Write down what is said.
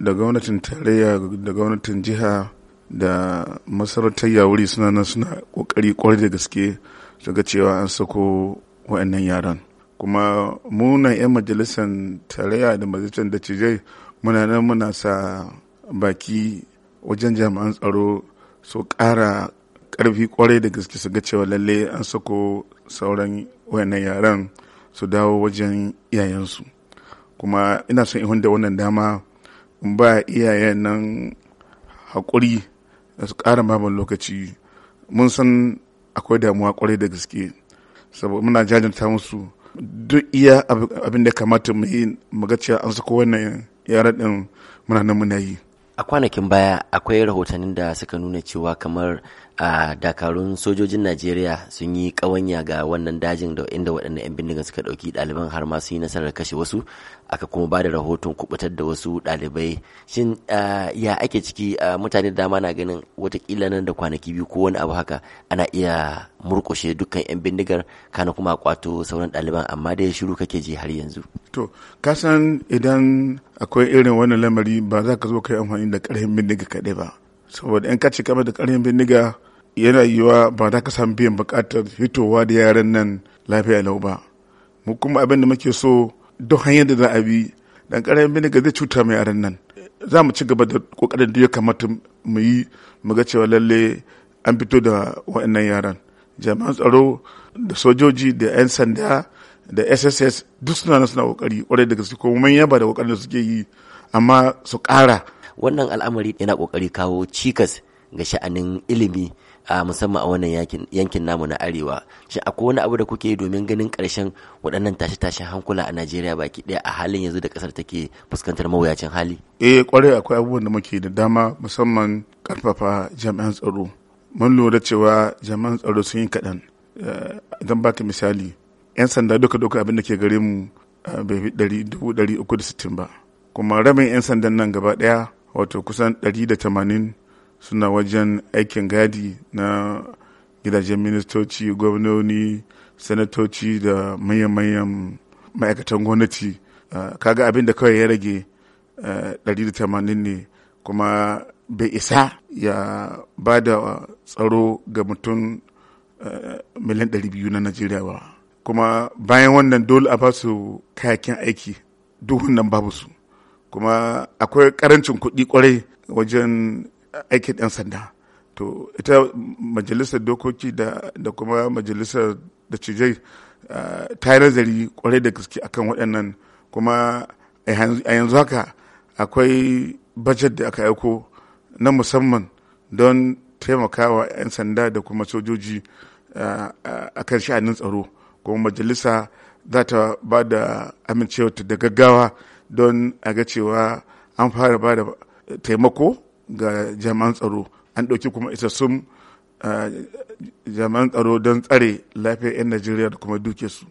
da gwamnatin tarayya da gwamnatin jiha da masarautar yawuri suna nan suna kokari kwarai da gaske su ga cewa an sako wa'annan yaran kuma munan 'yan majalisar tarayya da majalisar da dattijai muna nan muna sa baki wajen jami'an tsaro su ƙara ƙarfi kwarai da gaske su ga cewa lalle an sako sauran wayannan yaran su dawo wajen iyayensu kuma ina son ihun da wannan dama ba iyayen nan haƙuri da su ƙara mamun lokaci mun san akwai damuwa ƙwarai da gaske saboda muna jajanta musu duk iya abin da kamata mu yi muga cewa an sako wannan yaran ɗin muna nan muna yi a kwanakin baya akwai rahotannin da suka nuna cewa kamar a dakarun sojojin najeriya sun yi kawanya ga wannan dajin da inda waɗannan 'yan bindigan suka ɗauki ɗaliban har ma sun yi nasarar kashe wasu aka kuma ba da rahoton kubutar da wasu ɗalibai shin ya ake ciki mutane dama na ganin watakila nan da kwanaki biyu ko wani abu haka ana iya murkushe dukkan 'yan bindigar kana kuma kwato sauran ɗaliban amma dai shiru kake ji har yanzu to kasan idan akwai irin wannan lamari ba za ka zo ka yi amfani da ƙarfin bindiga kaɗai ba saboda in ka ci da ƙarfin bindiga yana yiwa ba za ka samu biyan bukatar fitowa da yaran nan lafiya lau ba mu kuma abin da muke so duk hanyar da za a bi dan karamin biniga zai cuta mai yaran nan za mu ci gaba da kokarin da ya kamata mu yi mu ga cewa lalle an fito da wa'annan yaran jami'an tsaro da sojoji da 'yan sanda da sss duk suna nan suna kokari kwarai da gaske kuma mun yaba da kokarin da suke yi amma su ƙara wannan al'amari yana kokari kawo cikas ga sha'anin ilimi a musamman a wannan yankin namu na arewa shi akwai wani abu da kuke yi domin ganin karshen waɗannan tashe-tashen hankula a najeriya baki ɗaya a halin yanzu da ƙasar take fuskantar mawuyacin hali eh kwarai akwai abubuwan da muke da dama musamman karfafa jami'an tsaro mun lura cewa jami'an tsaro sun yi kaɗan idan eh, baka misali 'yan sanda duka duka abin da ke gare mu bai fi ɗari dubu ɗari uku da sittin ba kuma rabin 'yan sandan nan gaba ɗaya wato kusan ɗari da tamanin suna wajen aikin gadi na gidajen ministoci gwamnoni sanatoci da manyan-manyan ma'aikatan gwamnati ah, kaga abin da kawai ya rage 180 ah, ne kuma bai isa ya ba da tsaro ga mutum ah, miliyan 200 na najeriya ba kuma bayan wannan dole a ba su kayakin aiki duhun nan babu su kuma akwai karancin kuɗi kwarai wajen aikin yan sanda to ita majalisar dokoki da, da kuma majalisar da cijai ah, ta yi nazari kwarai da gaske akan waɗannan kuma a yanzu haka akwai bajet da aka aiko na musamman don taimakawa 'yan sanda da kuma sojoji ah, a kan sha'anin tsaro kuma majalisa za ta ba da amincewa da gaggawa don a ga cewa an fara ba da taimako ga jami'an tsaro an ɗauki kuma sun eh, jami'an tsaro don tsare lafiyar 'yan najeriya da kuma duke su